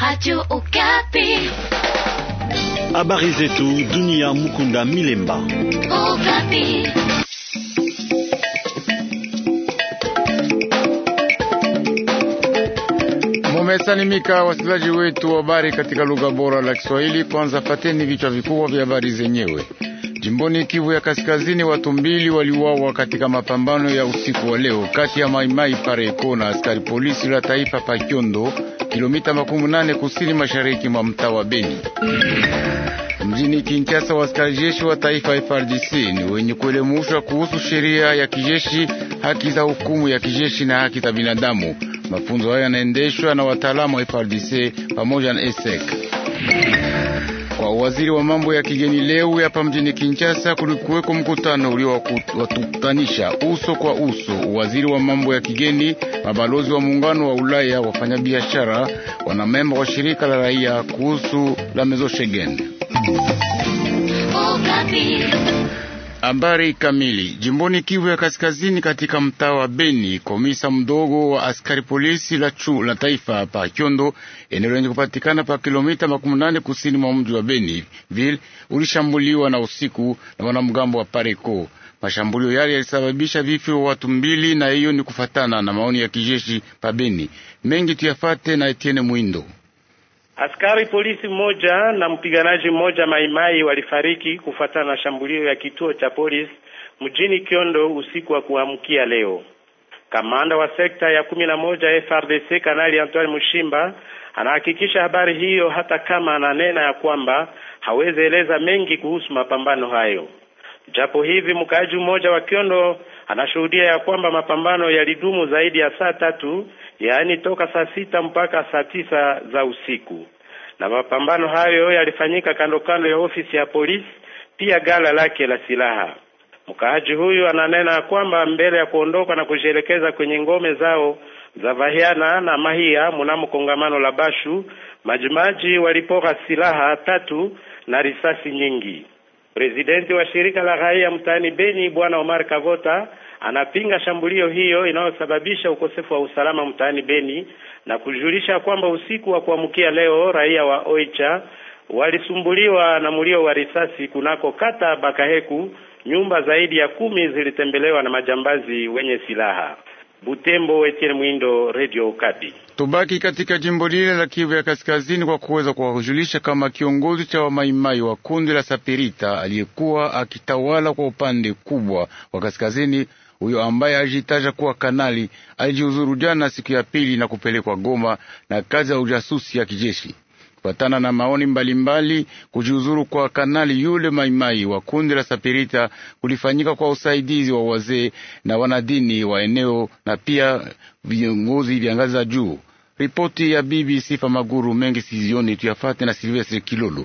Radio Okapi. Habari zetu dunia, Mukunda Milemba. Okapi. Mumesalimika wasikizaji wetu habari katika lugha bora la Kiswahili. Kwanza fateni vichwa vikubwa vya habari zenyewe. Jimboni Kivu ya Kaskazini, watu mbili waliuawa katika mapambano ya usiku wa leo kati ya Maimai Pareko na askari polisi la taifa Pakyondo, kilomita makumi nane kusini mashariki mwa mtaa wa Beni. Mjini Kinshasa, waaskari jeshi wa taifa frdc ni wenye kuelemushwa kuhusu sheria ya kijeshi, haki za hukumu ya kijeshi na haki za binadamu. Mafunzo hayo yanaendeshwa na wataalamu wa frdc pamoja na ESEC kwa waziri wa mambo ya kigeni leo hapa mjini Kinshasa kulikuweko mkutano uliowatukanisha uso kwa uso waziri wa mambo ya kigeni, mabalozi wa muungano wa Ulaya, wafanyabiashara, wanamemba wa shirika la raia kuhusu la mezo Schengen. Oh, Habari kamili jimboni Kivu ya Kaskazini, katika mtaa wa Beni, komisa mdogo wa askari polisi la chu la taifa pa Kyondo, eneo lenye kupatikana pa kilomita makumi nane kusini mwa mji wa Beni ville, ulishambuliwa na usiku na wanamgambo wa Pareko. Mashambulio yale yalisababisha vifo watu mbili, na hiyo ni kufatana na maoni ya kijeshi pa Beni. Mengi tuyafate na Etienne Mwindo. Askari polisi mmoja na mpiganaji mmoja Maimai walifariki kufuatana na shambulio ya kituo cha polisi mjini Kiondo usiku wa kuamkia leo. Kamanda wa sekta ya kumi na moja FRDC Kanali Antoine Mushimba anahakikisha habari hiyo hata kama ananena ya kwamba hawezi eleza mengi kuhusu mapambano hayo. Japo hivi mkaaji mmoja wa Kiondo Anashuhudia ya kwamba mapambano yalidumu zaidi ya saa tatu, yaani toka saa sita mpaka saa tisa za usiku, na mapambano hayo yalifanyika kando kando ya ofisi ya polisi, pia gala lake la silaha. Mkaaji huyu ananena kwamba mbele ya kuondoka na kujielekeza kwenye ngome zao za Vahiana na Mahia mnamo kongamano la Bashu, majimaji walipora silaha tatu na risasi nyingi presidenti wa shirika la raia mtaani Beni Bwana Omar Kavota anapinga shambulio hiyo inayosababisha ukosefu wa usalama mtaani Beni na kujulisha kwamba usiku wa kuamkia leo raia wa Oicha walisumbuliwa na mlio wa risasi kunako kata Bakaheku. Nyumba zaidi ya kumi zilitembelewa na majambazi wenye silaha. Butembo, Etienne Mwindo, Radio Okapi. Tubaki katika jimbo lile la Kivu ya Kaskazini kwa kuweza kuwajulisha kama kiongozi cha wamaimai wa kundi la Sapirita aliyekuwa akitawala kwa upande kubwa wa kaskazini huyo ambaye alijitaja kuwa kanali alijiuzuru jana siku ya pili na kupelekwa Goma na kazi ya ujasusi ya kijeshi kufatana na maoni mbalimbali. Kujiuzuru kwa kanali yule Maimai wa kundi la Sapirita kulifanyika kwa usaidizi wa wazee na wanadini wa eneo na pia viongozi vya ngazi za juu. Ripoti ya bibi Sifa Maguru mengi sizioni tuyafate na Silvestre Kilolo.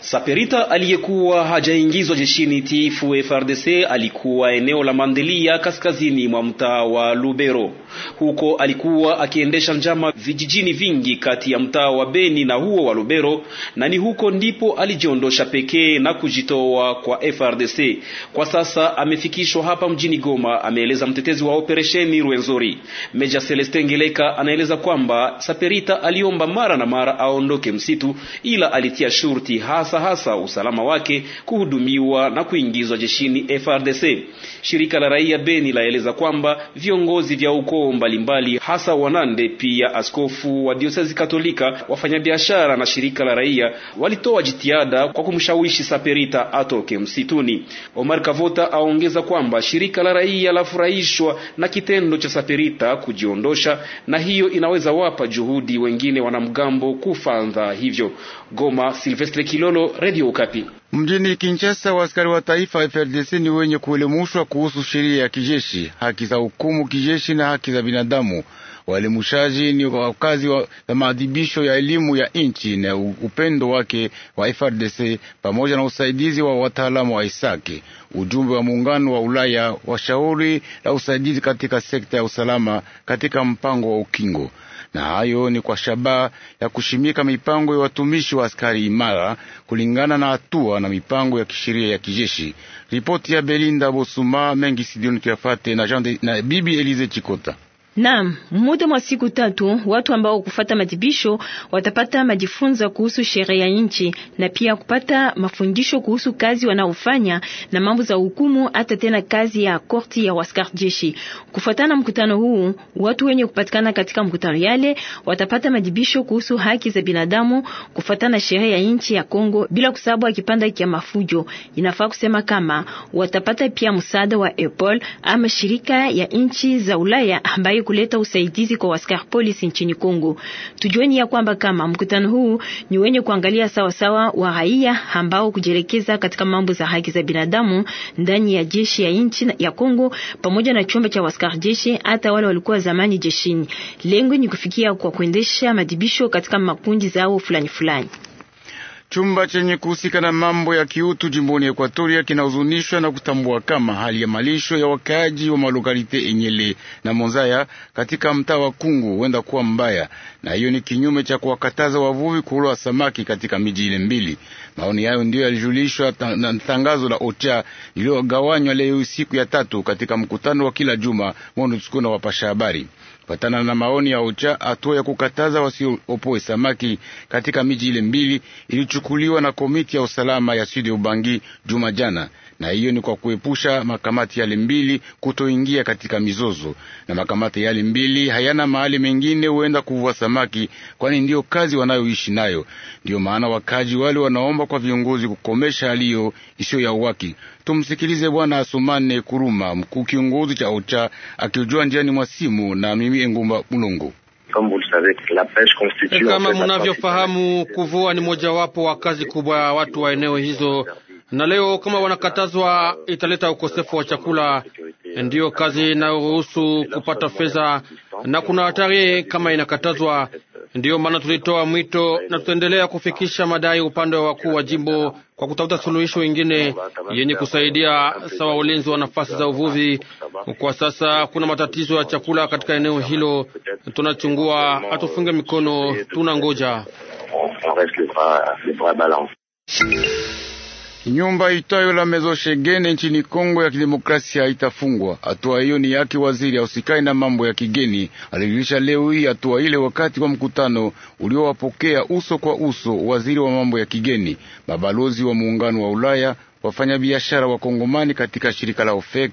Saperita aliyekuwa hajaingizwa jeshini tifu FRDC alikuwa eneo la Mandelia kaskazini mwa mtaa wa Lubero. Huko alikuwa akiendesha njama vijijini vingi kati ya mtaa wa Beni na huo wa Lubero, na ni huko ndipo alijiondosha pekee na kujitoa kwa FRDC. Kwa sasa amefikishwa hapa mjini Goma, ameeleza mtetezi wa operesheni Rwenzori. Meja Celestin Ngeleka anaeleza kwamba Saperita aliomba mara na mara aondoke msitu, ila alitia shurti hasa hasa usalama wake kuhudumiwa na kuingizwa jeshini FRDC. Shirika la raia Beni laeleza kwamba viongozi vya uko makoo mbalimbali, hasa Wanande, pia askofu wa diosezi Katolika, wafanyabiashara na shirika la raia walitoa jitihada kwa kumshawishi Saperita atoke msituni. Omar Kavota aongeza kwamba shirika la raia lafurahishwa na kitendo cha Saperita kujiondosha, na hiyo inaweza wapa juhudi wengine wanamgambo kufadha hivyo. Goma, Silvestre Kilolo, Radio Okapi. Mjini Kinshasa, waaskari wa taifa FRDC ni wenye kuelemushwa kuhusu sheria ya kijeshi, haki za hukumu kijeshi na haki haki za binadamu. Waelimushaji ni wakazi wa maadhibisho ya elimu ya nchi na upendo wake wa FRDC pamoja na usaidizi wa wataalamu wa Isaki. Ujumbe wa muungano wa Ulaya washauri la usaidizi katika sekta ya usalama katika mpango wa ukingo na hayo ni kwa shabaha ya kushimika mipango ya watumishi wa askari imara kulingana na hatua na mipango ya kisheria ya kijeshi. Ripoti ya Belinda Bosuma mengi Sidioni na, na bibi Elize Chikota. Naam, muda mwa siku tatu watu ambao kufata matibisho watapata majifunza kuhusu sheria ya nchi na pia kupata mafundisho kuhusu kazi wanaofanya na mambo za hukumu, hata tena kazi ya korti ya waskar jeshi. Kufuatana mkutano huu, watu wenye kupatikana katika mkutano yale watapata majibisho kuhusu haki za binadamu kufuatana sheria ya nchi ya Kongo, bila kusabu akipanda kia mafujo. Inafaa kusema kama watapata pia msaada wa Apple ama shirika ya nchi za Ulaya ambayo kuleta usaidizi kwa askari polisi nchini Kongo. Tujueni ya kwamba kama mkutano huu ni wenye kuangalia sawasawa wa raia ambao kujielekeza katika mambo za haki za binadamu ndani ya jeshi ya nchi ya Kongo pamoja na chumba cha askari jeshi, hata wale walikuwa zamani jeshini. Lengo ni kufikia kwa kuendesha madibisho katika makundi zao fulani fulani. Chumba chenye kuhusika na mambo ya kiutu jimboni Ekuatoria kinahuzunishwa na kutambua kama hali ya malisho ya wakaaji wa malokalite Enyele na Monzaya katika mtaa wa Kungu huenda kuwa mbaya, na hiyo ni kinyume cha kuwakataza wavuvi kuloa samaki katika miji ile mbili. Maoni hayo ndiyo yalijulishwa na tangazo la OCHA iliyogawanywa leo siku ya tatu katika mkutano wa kila juma MONUSCO na wapasha habari kufatana na maoni ya OCHA, hatua ya kukataza wasiopoe samaki katika miji ile mbili ilichukuliwa na komiti ya usalama ya Sudi Ubangi juma jana na hiyo ni kwa kuepusha makamati yale mbili kutoingia katika mizozo. Na makamati yale mbili hayana mahali mengine huenda kuvua samaki, kwani ndiyo kazi wanayoishi nayo. Ndiyo maana wakaji wale wanaomba kwa viongozi kukomesha aliyo isiyo ya uwaki. Tumsikilize Bwana Asumane Kuruma, mkuu kiongozi cha OCHA akijua njiani mwa simu na mimi Engumba Mulungu. Kama mnavyofahamu, kuvua ni mojawapo wa kazi kubwa ya watu wa eneo hizo na leo kama wanakatazwa, italeta ukosefu wa chakula. Ndiyo kazi inayoruhusu kupata fedha, na kuna hatari kama inakatazwa. Ndiyo maana tulitoa mwito na tutaendelea kufikisha madai upande wa wakuu wa jimbo kwa kutafuta suluhisho ingine yenye kusaidia sawa ulinzi wa nafasi za uvuvi. Kwa sasa kuna matatizo ya chakula katika eneo hilo, tunachungua, hatufunge mikono, tuna ngoja. Nyumba itayo la Mezo Shegene nchini Kongo ya Kidemokrasia itafungwa. Hatua hiyo ni yake waziri ausikai na mambo ya kigeni, alijulisha leo hii hatua ile wakati wa mkutano uliowapokea uso kwa uso waziri wa mambo ya kigeni, mabalozi wa muungano wa Ulaya wafanyabiashara wakongomani katika shirika la OFEC,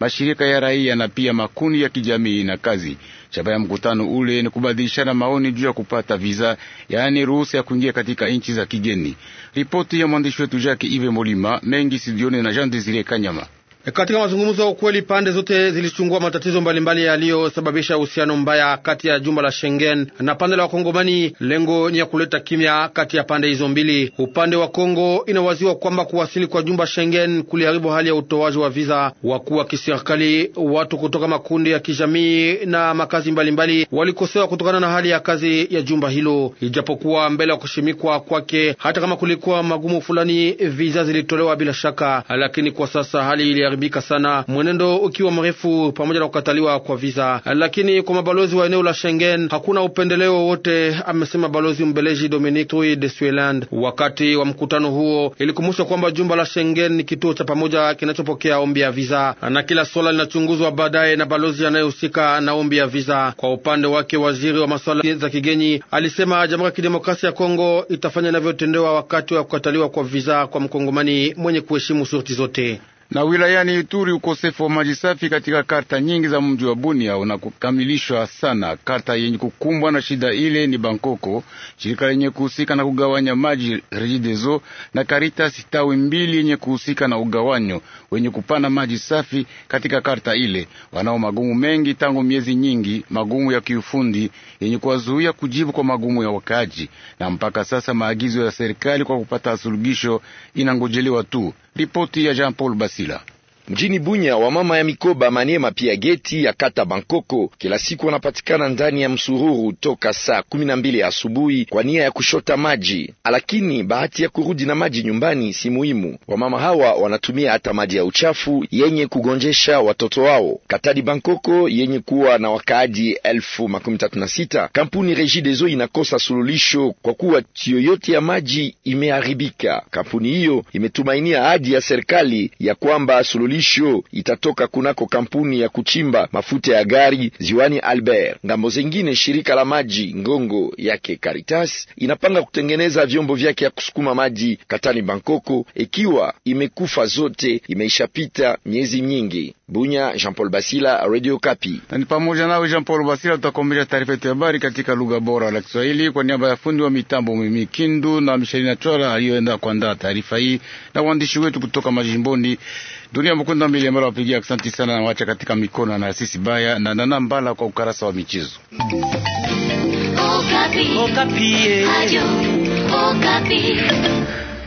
mashirika ya raia na pia makundi ya kijamii na kazi. Shabaha ya mkutano ule ni kubadilishana maoni juu ya kupata viza yaani ruhusa ya kuingia katika nchi za kigeni. Ripoti ya mwandishi wetu Jacques Ive Molima mengi sidioni na Jean Desire Kanyama. E, katika mazungumzo ya ukweli, pande zote zilichungua matatizo mbalimbali yaliyosababisha uhusiano mbaya kati ya jumba la Schengen na pande la Wakongomani. Lengo ni ya kuleta kimya kati ya pande hizo mbili. Upande wa Kongo inawaziwa kwamba kuwasili kwa jumba Schengen kuliharibu hali ya utoaji wa viza. Wakuu wa kiserikali, watu kutoka makundi ya kijamii na makazi mbalimbali walikosewa kutokana na hali ya kazi ya jumba hilo, ijapokuwa mbele ya kushimikwa kwake, hata kama kulikuwa magumu fulani, viza zilitolewa bila shaka, lakini kwa sasa hali ili yaliharibika sana, mwenendo ukiwa mrefu pamoja na kukataliwa kwa visa. Lakini kwa mabalozi wa eneo la Schengen hakuna upendeleo wowote, amesema balozi Mbeleji Dominique Tui de Sueland. Wakati wa mkutano huo, ilikumbushwa kwamba jumba la Schengen ni kituo cha pamoja kinachopokea ombi ya visa na kila swala linachunguzwa baadaye na balozi anayehusika na ombi ya visa. Kwa upande wake, waziri wa masuala za kigeni alisema Jamhuri ya Kidemokrasia ya Kongo itafanya inavyotendewa wakati wa kukataliwa kwa visa kwa mkongomani mwenye kuheshimu shurti zote. Na wilayani Ituri, ukosefu wa maji safi katika karta nyingi za mji wa Bunia unakukamilishwa sana. Karta yenye kukumbwa na shida ile ni Bankoko. Shirika lenye kuhusika na kugawanya maji Regideso na karitas tawi mbili yenye kuhusika na ugawanyo wenye kupana maji safi katika karta ile wanao magumu mengi tangu miezi nyingi, magumu ya kiufundi yenye kuwazuia kujibu kwa magumu ya wakaaji, na mpaka sasa maagizo ya serikali kwa kupata suluhisho inangojelewa tu. Ripoti ya Jean Paul Basi. c'est là. mjini Bunya. wa mama ya mikoba Maniema pia geti ya kata Bankoko kila siku wanapatikana ndani ya msururu toka saa kumi na mbili asubuhi kwa nia ya kushota maji, lakini bahati ya kurudi na maji nyumbani si muhimu. Wamama hawa wanatumia hata maji ya uchafu yenye kugonjesha watoto wao. Katadi Bankoko yenye kuwa na wakaaji elfu makumi tatu na sita kampuni Regideso inakosa sululisho kwa kuwa yoyote ya maji imeharibika. Kampuni hiyo imetumainia ahadi ya serikali ya kwamba sululisho malisho itatoka kunako kampuni ya kuchimba mafuta ya gari ziwani Albert. Ngambo zengine, shirika la maji ngongo yake Caritas inapanga kutengeneza vyombo vyake ya kusukuma maji katani Bankoko, ikiwa imekufa zote, imeishapita miezi nyingi. Bunya, Jean Paul Basila, Radio Kapi. Ni pamoja nawe Jean Paul Basila, tutakombesha taarifa yetu ya habari katika lugha bora la Kiswahili kwa niaba ya fundi wa mitambo Mimi Kindu na Mshelina Chora aliyoenda kuandaa taarifa hii na waandishi wetu kutoka majimboni Dunia Mukunda Mbili ambayo wapigia asanti sana na wacha katika mikono na sisi baya na Nana Mbala kwa ukarasa wa michezo Okapi. Okapi. Eh.